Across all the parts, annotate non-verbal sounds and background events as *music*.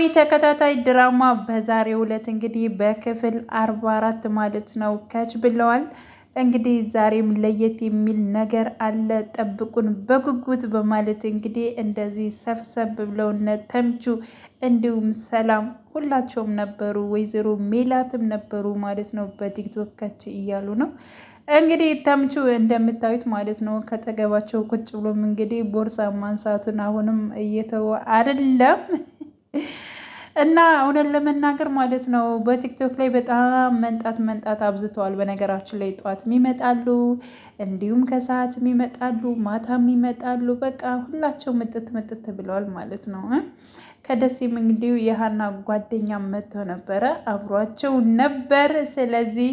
ኖላዊ ተከታታይ ድራማ በዛሬው ዕለት እንግዲህ በክፍል አርባ አራት ማለት ነው ከች ብለዋል። እንግዲህ ዛሬም ለየት የሚል ነገር አለ ጠብቁን በጉጉት በማለት እንግዲህ እንደዚህ ሰብሰብ ብለውነ ተምቹ እንዲሁም ሰላም ሁላቸውም ነበሩ፣ ወይዘሮ ሜላትም ነበሩ ማለት ነው። በቲክቶክ ከች እያሉ ነው እንግዲህ ተምቹ እንደምታዩት ማለት ነው ከጠገባቸው ቁጭ ብሎም እንግዲህ ቦርሳ ማንሳቱን አሁንም እየተወ አይደለም። እና እውነት ለመናገር ማለት ነው በቲክቶክ ላይ በጣም መንጣት መንጣት አብዝተዋል። በነገራችን ላይ ጠዋት ይመጣሉ፣ እንዲሁም ከሰዓትም ይመጣሉ፣ ማታም ይመጣሉ። በቃ ሁላቸው ምጥት ምጥት ብለዋል ማለት ነው። ከደሴም እንግዲህ የሀና ጓደኛ መጥተው ነበረ፣ አብሯቸው ነበር። ስለዚህ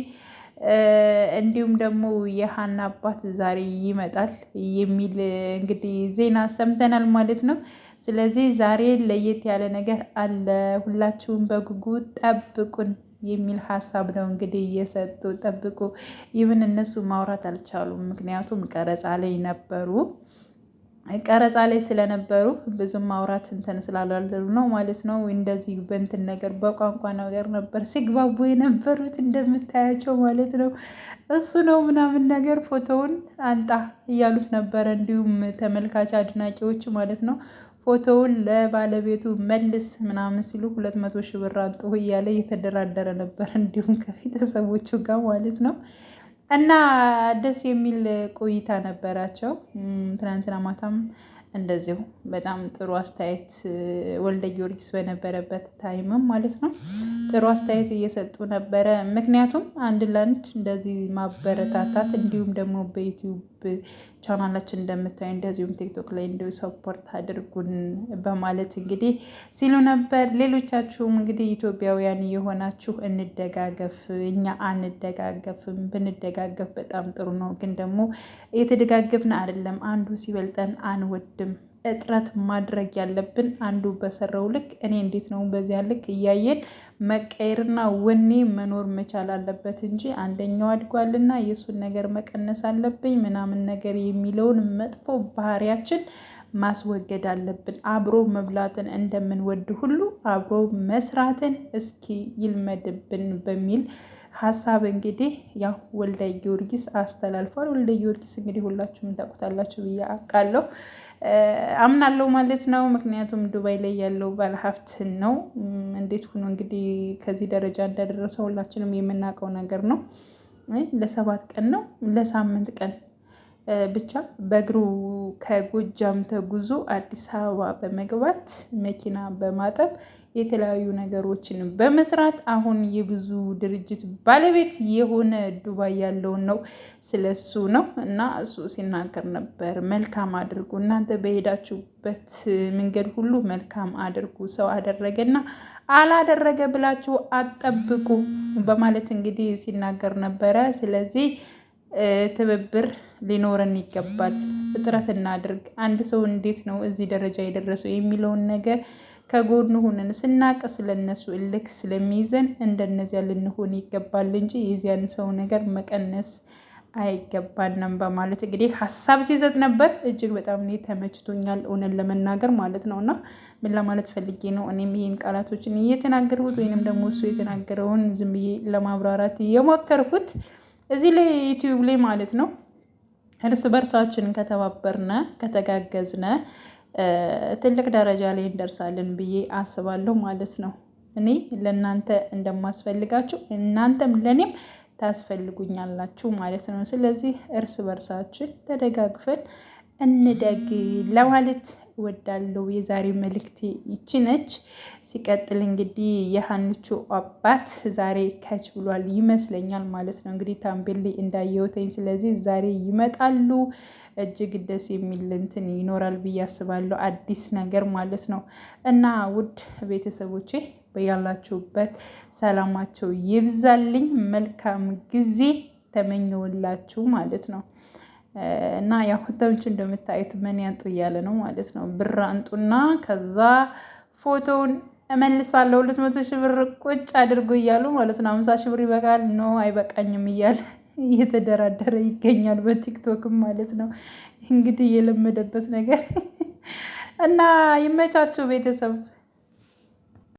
እንዲሁም ደግሞ የሀና አባት ዛሬ ይመጣል የሚል እንግዲህ ዜና ሰምተናል ማለት ነው። ስለዚህ ዛሬ ለየት ያለ ነገር አለ፣ ሁላችሁም በጉጉ ጠብቁን የሚል ሀሳብ ነው እንግዲህ እየሰጡ ጠብቁ። ይህን እነሱ ማውራት አልቻሉም፣ ምክንያቱም ቀረጻ ላይ ነበሩ። ቀረጻ ላይ ስለነበሩ ብዙም ማውራት እንትን ስላላሉ ነው ማለት ነው። እንደዚህ በእንትን ነገር በቋንቋ ነገር ነበር ሲግባቡ የነበሩት እንደምታያቸው ማለት ነው። እሱ ነው ምናምን ነገር ፎቶውን አንጣ እያሉት ነበረ። እንዲሁም ተመልካች አድናቂዎች ማለት ነው ፎቶውን ለባለቤቱ መልስ ምናምን ሲሉ ሁለት መቶ ሺህ ብር አንጡ እያለ እየተደራደረ ነበር እንዲሁም ከቤተሰቦቹ ጋር ማለት ነው። እና ደስ የሚል ቆይታ ነበራቸው። ትናንትና ማታም እንደዚሁ በጣም ጥሩ አስተያየት ወልደ ጊዮርጊስ በነበረበት ታይምም ማለት ነው ጥሩ አስተያየት እየሰጡ ነበረ። ምክንያቱም አንድ ለአንድ እንደዚህ ማበረታታት እንዲሁም ደግሞ በዩቲዩብ ቻናላችን እንደምታዩ እንደዚሁም ቲክቶክ ላይ እንዲሁ ሰፖርት አድርጉን በማለት እንግዲህ ሲሉ ነበር። ሌሎቻችሁም እንግዲህ ኢትዮጵያውያን የሆናችሁ እንደጋገፍ፣ እኛ አንደጋገፍም፣ ብንደጋገፍ በጣም ጥሩ ነው። ግን ደግሞ የተደጋገፍን አይደለም አንዱ ሲበልጠን አንወድም አይደለም እጥረት ማድረግ ያለብን አንዱ በሰራው ልክ እኔ እንዴት ነው በዚያ ልክ እያየን መቀየርና ወኔ መኖር መቻል አለበት እንጂ አንደኛው አድጓልና የእሱን ነገር መቀነስ አለብኝ ምናምን ነገር የሚለውን መጥፎ ባህሪያችን ማስወገድ አለብን። አብሮ መብላትን እንደምንወድ ሁሉ አብሮ መስራትን እስኪ ይልመድብን በሚል ሀሳብ እንግዲህ ያው ወልደ ጊዮርጊስ አስተላልፏል። ወልደ ጊዮርጊስ እንግዲህ ሁላችሁም ታውቁታላችሁ ብዬ አውቃለሁ አምናለሁ ማለት ነው። ምክንያቱም ዱባይ ላይ ያለው ባለሀብት ነው። እንዴት ሆኖ እንግዲህ ከዚህ ደረጃ እንዳደረሰ ሁላችንም የምናውቀው ነገር ነው። ለሰባት ቀን ነው ለሳምንት ቀን ብቻ በእግሩ ከጎጃም ተጉዞ አዲስ አበባ በመግባት መኪና በማጠብ የተለያዩ ነገሮችን በመስራት አሁን የብዙ ድርጅት ባለቤት የሆነ ዱባይ ያለውን ነው። ስለሱ ነው እና እሱ ሲናገር ነበር። መልካም አድርጉ እናንተ በሄዳችሁበት መንገድ ሁሉ መልካም አድርጉ። ሰው አደረገና አላደረገ ብላችሁ አጠብቁ በማለት እንግዲህ ሲናገር ነበረ። ስለዚህ ትብብር ሊኖረን ይገባል። እጥረት እናድርግ። አንድ ሰው እንዴት ነው እዚህ ደረጃ የደረሰው የሚለውን ነገር ከጎኑ ሆነን ስናውቅ ስለነሱ እልክ ስለሚይዘን እንደነዚያ ልንሆን ይገባል እንጂ የዚያን ሰው ነገር መቀነስ አይገባንም በማለት እንግዲህ ሀሳብ ሲሰጥ ነበር። እጅግ በጣም እኔ ተመችቶኛል፣ እውነን ለመናገር ማለት ነው። እና ምን ለማለት ፈልጌ ነው እኔም ይህን ቃላቶችን እየተናገርኩት ወይንም ደግሞ እሱ የተናገረውን ዝም ብዬ ለማብራራት እየሞከርኩት እዚህ ላይ ዩቲዩብ ላይ ማለት ነው እርስ በርሳችን ከተባበርነ ከተጋገዝነ ትልቅ ደረጃ ላይ እንደርሳለን ብዬ አስባለሁ ማለት ነው። እኔ ለእናንተ እንደማስፈልጋችሁ እናንተም ለእኔም ታስፈልጉኛላችሁ ማለት ነው። ስለዚህ እርስ በርሳችን ተደጋግፈን እንደግ ለማለት ወዳለው የዛሬ መልእክቴ ይቺ ነች። ሲቀጥል እንግዲህ የሀንቹ አባት ዛሬ ከች ብሏል ይመስለኛል ማለት ነው። እንግዲህ ታምቤሌ እንዳየወተኝ ስለዚህ ዛሬ ይመጣሉ። እጅግ ደስ የሚል እንትን ይኖራል ብዬ አስባለሁ። አዲስ ነገር ማለት ነው እና ውድ ቤተሰቦቼ በያላችሁበት ሰላማቸው ይብዛልኝ። መልካም ጊዜ ተመኘውላችሁ ማለት ነው። እና ያው ተምቹ እንደምታዩት መን ያንጡ እያለ ነው ማለት ነው። ብር አንጡና ከዛ ፎቶውን እመልሳለሁ ሁለት መቶ ሺህ ብር ቁጭ አድርጎ እያሉ ማለት ነው። አምሳ ሺህ ብር ይበቃል ኖ አይበቃኝም እያለ *laughs* እየተደራደረ ይገኛል በቲክቶክም ማለት ነው። እንግዲህ የለመደበት ነገር *laughs* እና ይመቻችሁ ቤተሰብ።